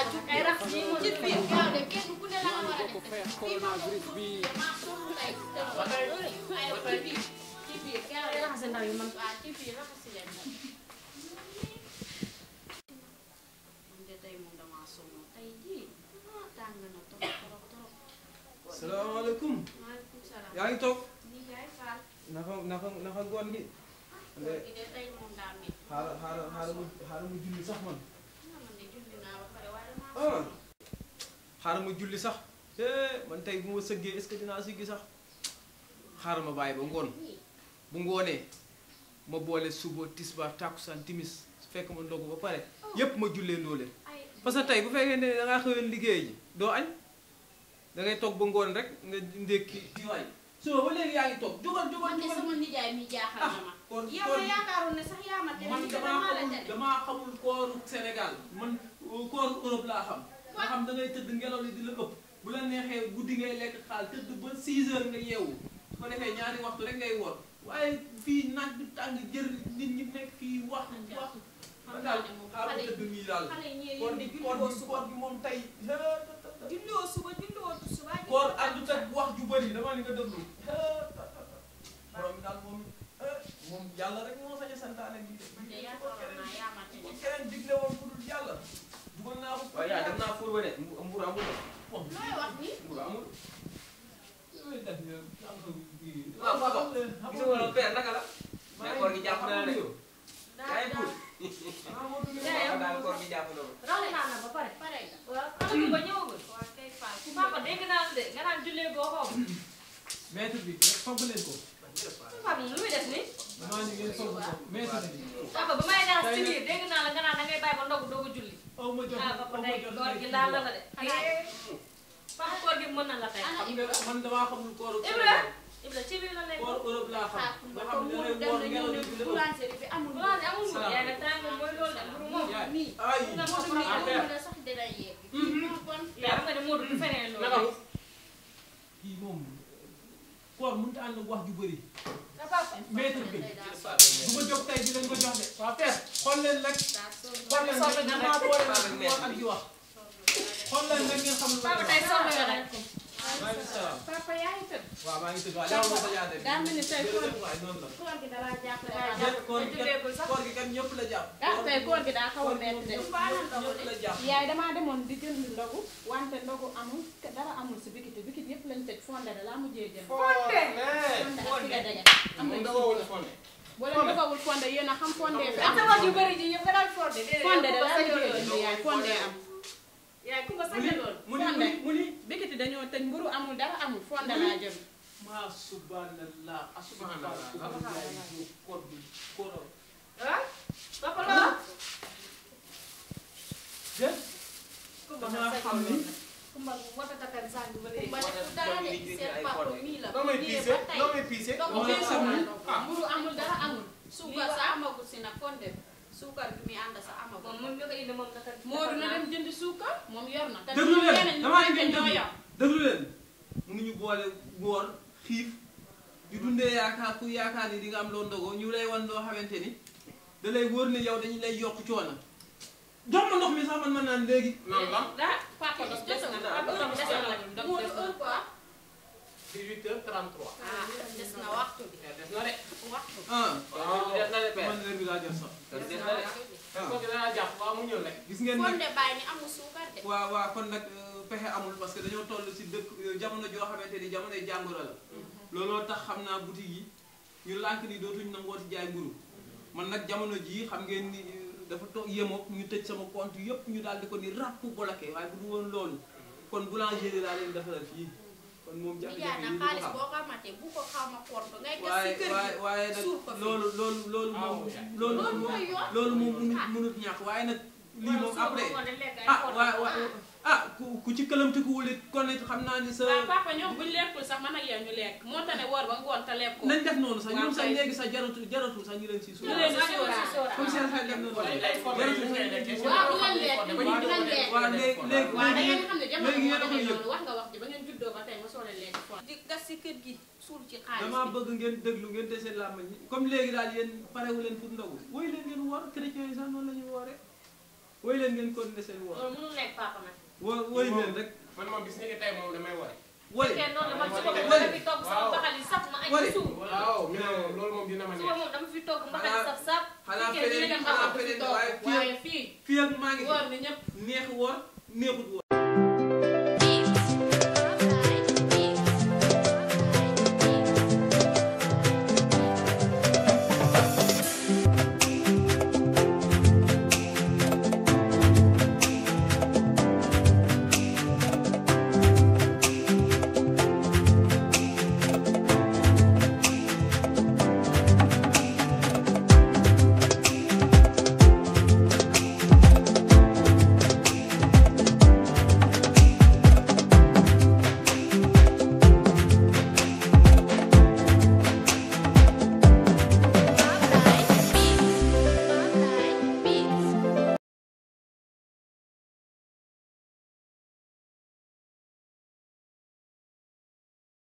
ay rax ci biir gaaw de kenn ku ne la a def kii sax man. xaaral ma julli sax man tey bu ma sëggee est que dinaa siggi sax xaaral ma bàyyi ba ngoon bu ngoonee ma boole suba tisbaar tàkkusaan timis su fekk ma ndogu ba pare yépp ma jullee ndoole parce que tey bu fekkee ne da ngaa liggéey ji doo añ da ngay toog ba ngoon rek nga ndékki waay suba ba léegi yaa ngi toog jógal sama nijaay mi jaaxal na ma ah, kon yow yaakaaroon ne sax yaa ma damaa xamul kooru Sénégal man kooru Europe laa xam nga xam da ngay tëdd ngelaw li di la ëpp bu la neexee guddi ngay lekk xaal tëdd ba 6 heures nga yeewu su ko defee ñaari waxtu rek ngay woor waaye fii naaj bi tàng jër nit ñi nekk fii wax wax man daal xaaral tëdd nii daal koor bi koor bi moom tey dindoo suba dindoo suba koor àndut ak wax ju bëri dama ni nga déglu borom daal moom eh, moom yàlla rek moo sañ a santaane bi ko ne mburu amul looy wax ni mburu amul waaw papa gis nga woon père naka la mais koor gi jàpp na la de yaa ngi tudd daal koor gi jàpp na ko raxle naa na ba pare pare waaw ba ñëwagul waaw kay papa dégg naa la de nga naan jullee boo xoom maître bi fomp leen ko papa lu muy def ni maa ngi ngeen fomp ko maître bi papa ba may naa si biir dégg naa la nga naan da ngay bàyyi ba ndog doog a julli aw ma jot ah, aw ma jot koor gi laal na la de. xanaa eh. koor gi mën na la tey. xam nga man damaa xamul kooru. Ibra Ibra ci biir la lay koor Europe laa xam. nga ah, xam ne da ngay woor ngelaw li boulangerie bi amul. boulangerie amul moom yaay nga tàng mooy loolu a pour moom. nii ay nga moom la sax dina yegg. Mm-hmm. Ah, kon yaa xam a ànd bi du ma jóg soble nga rek ak di wax. xool leen papa tey tëdd. waaw maa ngi tëdd waaw yow mel ni tey koor gi ñëpp la jàpp. ah daa xaw a metti de. yaay damaa demoon di jënd ndogu wante ndogu amul dara amul si bikiti bikiti yëpp lañ tëj fonde laa mujjee jënd. fonde fonde ak fi na wala ñu bawul fonde yéen a eu não fi am wax yu bari ji ñëpp nga daan fonde fonde da la yaay fonde am yaay ku ko sañe lool fonde mu ni békkati dañoo tëj mburu amul dara amul fonde laa jëm maa subhanallah asubhanallah koor bi koor ah papa ah. la jëf ko ba xam ni Kumba wata takkan sànni ba léegi. Kumba mburu amul dara amul. suukar sa amagul si nag kon dem suukar bi muy ànd sa amagul. moom ñoo koy indi moom naka. Moodu na dem jënd suukar moom yor na. déglu leen damaa leen déglu leen mu ngi ñu boole góor xiif di dundee yaakaar ku yaakaar ni di nga am loo ndogoo ñu lay wan loo xamante ni da lay wóor ne yow dañu lay yokk coono jox ma ndox mi man ma naan léegi. non non daa na na na 33 ah des na waxtu bi. Eh, des na de. waxtu ah. ah. des na de man heure bi laa jot sax. des na de. kooku ah. danaa jàpp waaw mu ñëw rek. gis ngeen nag kon de ni amul suukar de. waaw waaw kon nag euh, pexe amul parce que dañoo toll si dëkk euh, jamono joo xamante ni jàngoro la. Mhm. looloo tax xam boutique yi ñu ni dootuñ jaay mburu mhm. man jamono xam ngeen ni. dafa toog yemook ñu tëj sama compte yëpp ñu daal di ko ni ràpp bloqué waaye bu du loolu kon boulangerie laa leen defaral fii kon moom jafe-jafe yi xaalis boo xamante bu ko xaw ma compte ngay def si kër gi waaye waaye nag loolu loolu loolu moom loolu moom loolu ñàkk waaye nag lii moom après ah waaye waaye ah. ah ku ku ci këlamtikuwul it kon it xam naa ni sa. waaw papa ñoom buñ lekkul sax man ak yow ñu lekk moo tax ne woor ba ngoon te lekk nañ def noonu sax ñoom sax léegi sax jaratul sax ñu leen si suura. ñu leen si ci xaalis damaa bëgg ngeen déglu ngeen dese làmmañ comme léegi daal yéen parewu leen pour ndogu woy leen ngeen woor chrétien yi sax noonu la ñuy woy leen ngeen continuer seen woor. loolu mënul nekk papa nag. wo woy leen rek. man moom bis ni tey moom damay woy. woy bu fekkee noonu la man suba moom dama dama fi togg mbaxal saf saf. xanaa feneen xanaa feneen waaye fii fii ak maa ngi woor neex woor neexut woor